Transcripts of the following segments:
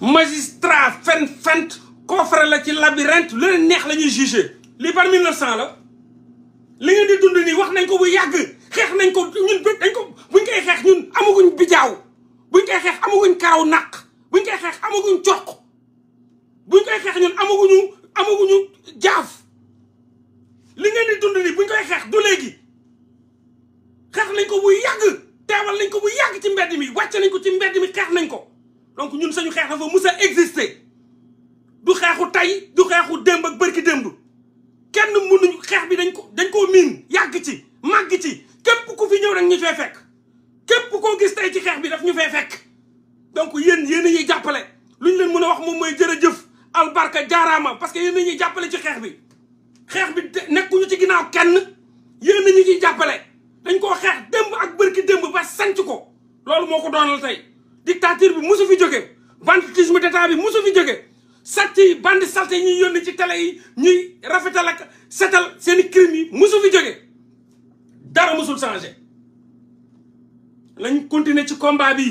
magistrat fen fent coffre la ci labyrinthe lu leen neex la ñuy jugé lii par 1900 la li ngeen di dund nii wax nañ ko bu yàgg xeex nañ ko ñun dañ ko buñ koy xeex ñun amaguñ bijaaw buñ koy xeex amaguñ karaw naq buñ koy xeex amaguñ coq buñ koy xeex ñun amaguñu amaguñu jaaf li ngeen di dund nii buñ koy xeex du léegi xeex nañ ko bu yàgg teewal nañ ko bu yàgg ci mbedd mi wàcc nañ ko ci mbedd mi xeex nañ ko donc ñun sañu xeex dafa mus a exister du xeexu tey du xeexu démb ak bërki démb kenn mënuñu xeex bi dañ ko dañ koo miin yàgg ci màgg ci képp ku fi ñëw rek ñu fee fekk képp koo gis tey ci xeex bi daf ñu fee fekk donc yéen yéen a ñuy jàppale lu ñu leen mën a wax moom mooy jërëjëf albarka jaaraama parce que yéen jàppale ci xeex bi xeex bi nekkuñu ci ginnaaw kenn yéen a ñu ciy jàppale dañ koo xeex démb ak bërki démb ba sanc ko loolu moo ko doonal tey dictature bi musu fi jóge banditisme d'état bi musu fi jóge sàcc yi bandi salte yi ñuy yónni ci télé yi ñuy rafetal ak setal seeni crime yi musu fi jóge dara musul changé lañ continuer ci combat bi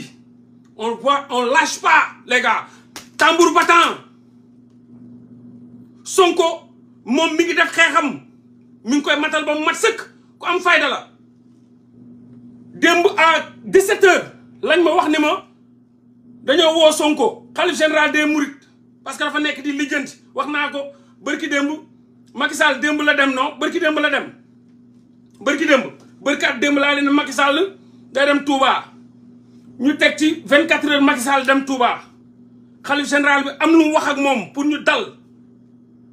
on voit on lâche pas les gars tambour battant Sonko moom mi ngi def xeexam mi ngi koy matal ba mu mat sëkk ku am fayda la démb à 17 heures lañ ma wax ni ma dañoo woo Sonko xalif général des Mourides parce que dafa nekk di lijjanti wax naa ko bërki démb Macky Sall démb la dem non bërki démb la dem bërki démb bërki at démb laa leen Macky Sall day dem Touba ñu teg ci vingt heures Macky Sall dem Touba xalif général bi am lu wax ak moom pour ñu dal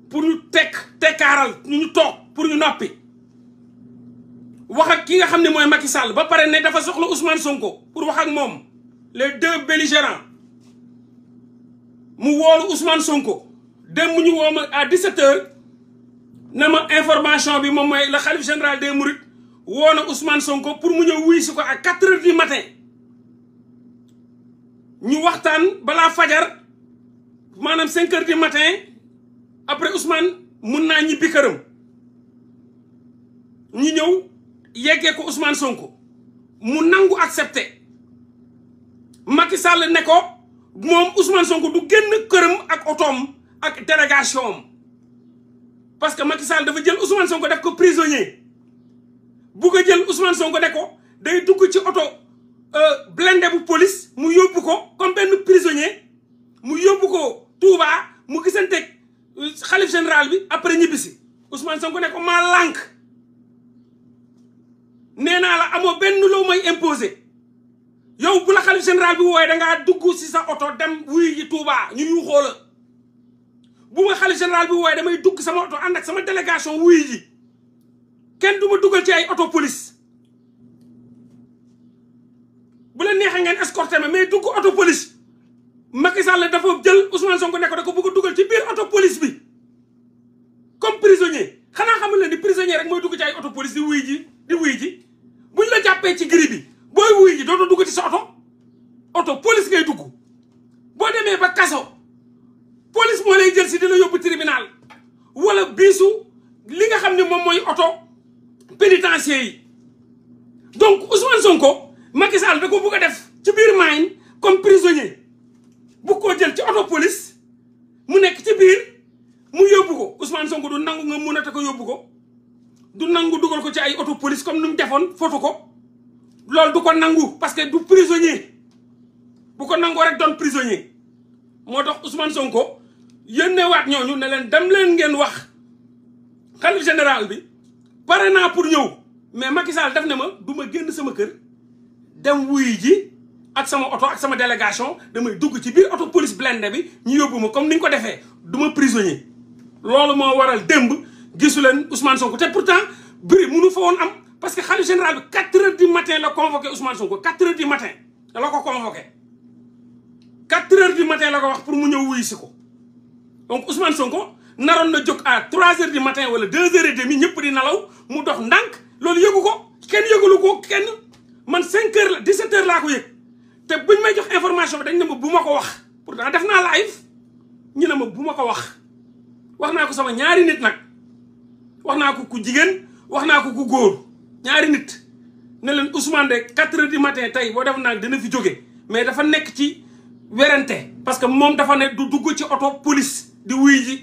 pour ñu tekk tekkaaral ñu ñu toog pour ñu noppi wax ak ki nga xam ne mooy Macky Sall ba pare ne dafa soxla Ousmane Sonko pour wax ak moom. les deux belligérants mu woolu Ousmane Sonko dem mu ñu woo ma à 17h na ma information bi moom mooy la xalif général des Mourides woo na Ousmane Sonko pour mu ñëw wuy si ko à 4h du matin ñu waxtaan balaa fajar maanaam 5h du matin après Ousmane mun naa ñibbi këram ñu ñëw yeggee ko Ousmane Sonko mu nangu accepté. Macky ne ko moom Ousmane Sonko du génn këram ak otoom ak délégation parce que Macky Sall dafa jël Ousmane Sonko def ko prisonnier bu ko jël Ousmane Sonko ne ko day dugg ci oto euh, blindé bu police mu yóbbu ko comme benn prisonnier mu yóbbu ko Touba mu gisanteeg euh, xalif général bi après ñibbisi Ousmane Sonko ne ko maa lànk nee naa la amoo benn loo may imposé. yow bu la xalif général bi wooyee dangaa dugg si sa oto dem wuy ji Touba ñu yuuxoo la bu ma xalif général bi wooyee damay dugg sama oto ànd ak sama délégation wuy ji kenn du ma dugal ci ay oto police bu la neexee ngeen escorté mais dugg oto police Macky Sall dafa jël Ousmane Sonko nekk da ko bëgg dugal ci biir oto police bi comme prisonnier xanaa xamul leen ni prisonnier rek mooy dugg ci ay oto police di wuy ji di wuy ji buñ la jàppee ci giri bi bis moo lay jël si dina yóbbu tribunal wala biisu li nga xam ne moom mooy oto pénitencier yi donc Ousmane Sonko Macky Sall da ko bugg a def ci biir mine comme prisonnier bu ko jël ci oto police mu nekk ci biir mu yóbbu ko Ousmane Sonko du nangu nga mun a ko yóbbu ko du nangu dugal ko ci ay oto police comme nu mu defoon foto ko loolu du ko nangu parce que du prisonnier bu ko nangoo rek doon prisonnier moo tax Ousmane Sonko yónneewaat ñooñu ne leen dem leen ngeen wax xalif général bi pare naa pour ñëw mais Macky Sall def ne ma du ma génn sama kër dem wuy ji ak sama oto ak sama délégation damay dugg ci biir oto police blindé bi ñu yóbbu ma comme ni ñu ko defee du ma prisonnier loolu moo waral démb gisu leen Ousmane Sonko te pourtant bëri mënu fa woon am parce que xalif général bi quatre heures du matin la convoqué Ousmane Sonko quatre heures du matin la ko convoqué quatre heures du matin la ko wax pour mu ñëw ko donc Ousmane Sonko naroon na jóg à trois heures matin wala deux heures et demie ñëpp di nalaw mu dox ndànk loolu yëgu ko kenn yëgalu ko kenn man cinq heures la dix-sept heures laa ko yëg te buñ may jox information bi dañ ne ma bu ma ko wax pourtant def naa live ñu ne ma bu ma ko wax wax naa ko sama ñaari nit nag wax naa ko ku jigéen wax naa ko ku góor ñaari nit ne leen Ousmane de quatre heures du matin tey boo def naa dina fi jóge mais dafa nekk ci werante parce que moom dafa ne du dugg ci oto police di wuy ji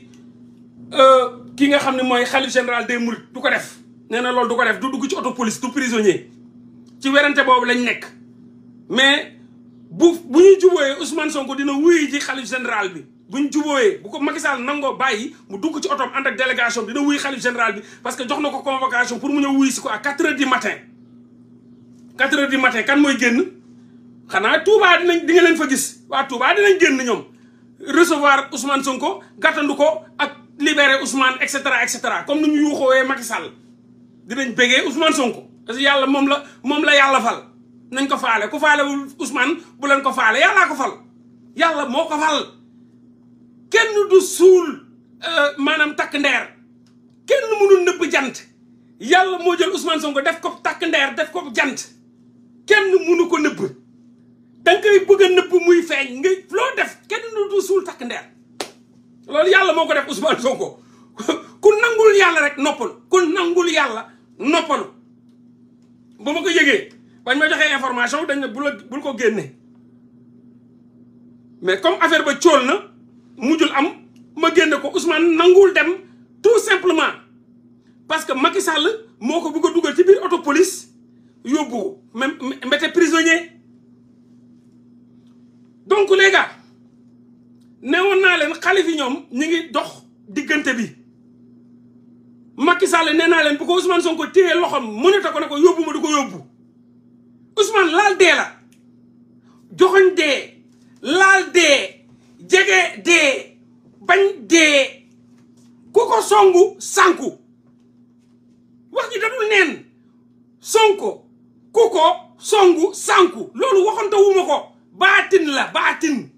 euh, ki nga xam ne mooy xalif général de mu du ko def nee na loolu du ko def du dugg ci auto police du prisonnier ci werante boobu lañ nekk mais bu bu ñu jubóoyee Ousmane Sonko dina wuy ji xalif général bi bu ñu jubóoyee bu ko Macky Sall nangoo bàyyi mu dugg ci otoom ànd ak délégation bi dina wuy xalif général bi parce que jox na ko convocation pour mu ñëw wuy si ko à quatre heures du matin quatre heures matin kan mooy génn xanaa Touba dinañ di nga leen fa gis waa Touba dinañ génn ñoom recevoir Ousmane Sonko gàttandu ko ak libérer Ousmane et cetera et cetera comme ni ñu yuuxoowee di Sall dinañ bégee Ousmane Sonko parce que yàlla moom la moom la yàlla fal nañ ko faale ku faalewul Ousmane bu leen ko faale yàllaa ko fal yàlla moo ko fal kenn du suul euh, maanaam takk ndeer kenn mënul nëbb jant yàlla moo jël Ousmane Sonko def ko takk ndeer def ko jant kenn mënu ko nëbb da nga koy bëgg a nëbb muy feeñ nga loo def kenn du suul takk ndeer loolu yàlla moo ko def Ousmane Sonko ku nangul yàlla rek noppalu ku nangul yàlla noppalu ba ma ko yëgee bañ ma joxee information dañ ne bu la bul ko génne mais comme affaire ba cool na mujjul am ma génne ko Ousmane nangul dem tout simplement parce que Macky Sall moo ko bëgg a dugal ci biir auto police yóbbu ko mbete prisonnier donc les gars newoon naa leen xalif yi ñoom ñu ngi dox diggante bi Macky Sall nee naa leen bu ko Ousmane Sonko téye loxoom mënata ko ne ko yóbbu ma du ko yóbbu Ousmane laal dee la joxoñ dee laal dee jege dee bañ dee ku ko songu sànku wax ji dadul neen Sonko ku ko songu sànku loolu waxante ko baatin la baatin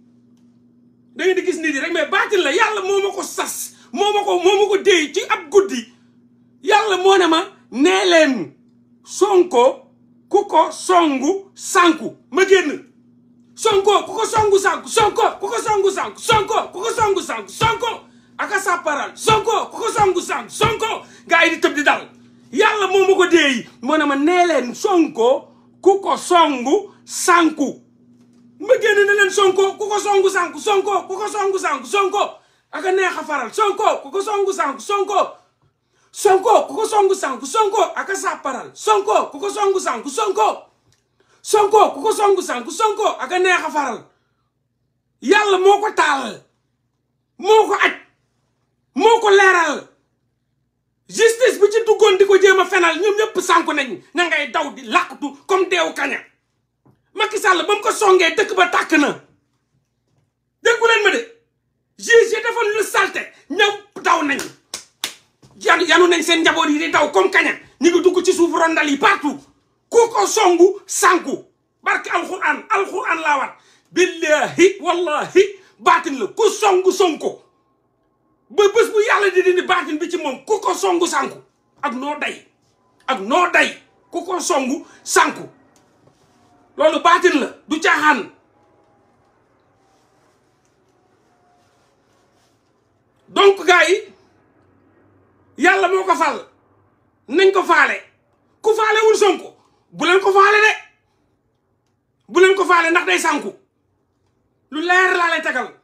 da di gis nit yi rek mais baatin la yàlla moo ko sas moo ko moo ko déy ci ab guddi yàlla moo ne ma nee leen sonko ku ko songu sànku ma génn sonko ku ko songu sànku sonko ku ko songu sànku sonko ku aka sa sonko ku ko songu sànku sonko gaa yi di tëb di dal yàlla moo ma ko déey moo ne ma nee leen sonko ku ko songu sànku ma génn ne leen sonko ku ko songu sànk sonko ku ko songu sànk sonko ak a neex faral sonko ku ko songu sànk sonko sonko ko songu sànk sonko ak a sàpparal sonko ku ko songu sànk sonko sonko ku ko songu sànk sonko ak a neex a faral yàlla moo ko taal moo ko aj moo ko leeral justice bi ci duggoon di ko jéem a fenal ñoom ñëpp sànku nañ na ngay daw di làqatu comme deewu kaña Macky Sall ba mu ko songee dëkk ba tàkk na déggu leen ma de GIE defoon lu salte ñëw daw nañ yanu nañ seen njaboot yi di daw comme kaña ñu ngi dugg ci suuf rondal yi partout ku ko songu sànku barke alxuraan alxuraan laa wat billahi wallahi baatin la ku songu sonko ba bés bu yàlla di dindi baatin bi ci moom ku ko songu sànku ak noo day ak noo day ku ko songu sànku loolu baatin la du caaxaan donc gars yàlla moo ko fal nañ ko faale ku faale wul Sonko bu ko faale de bu ko faale ndax day sànku lu leer laa lay tegal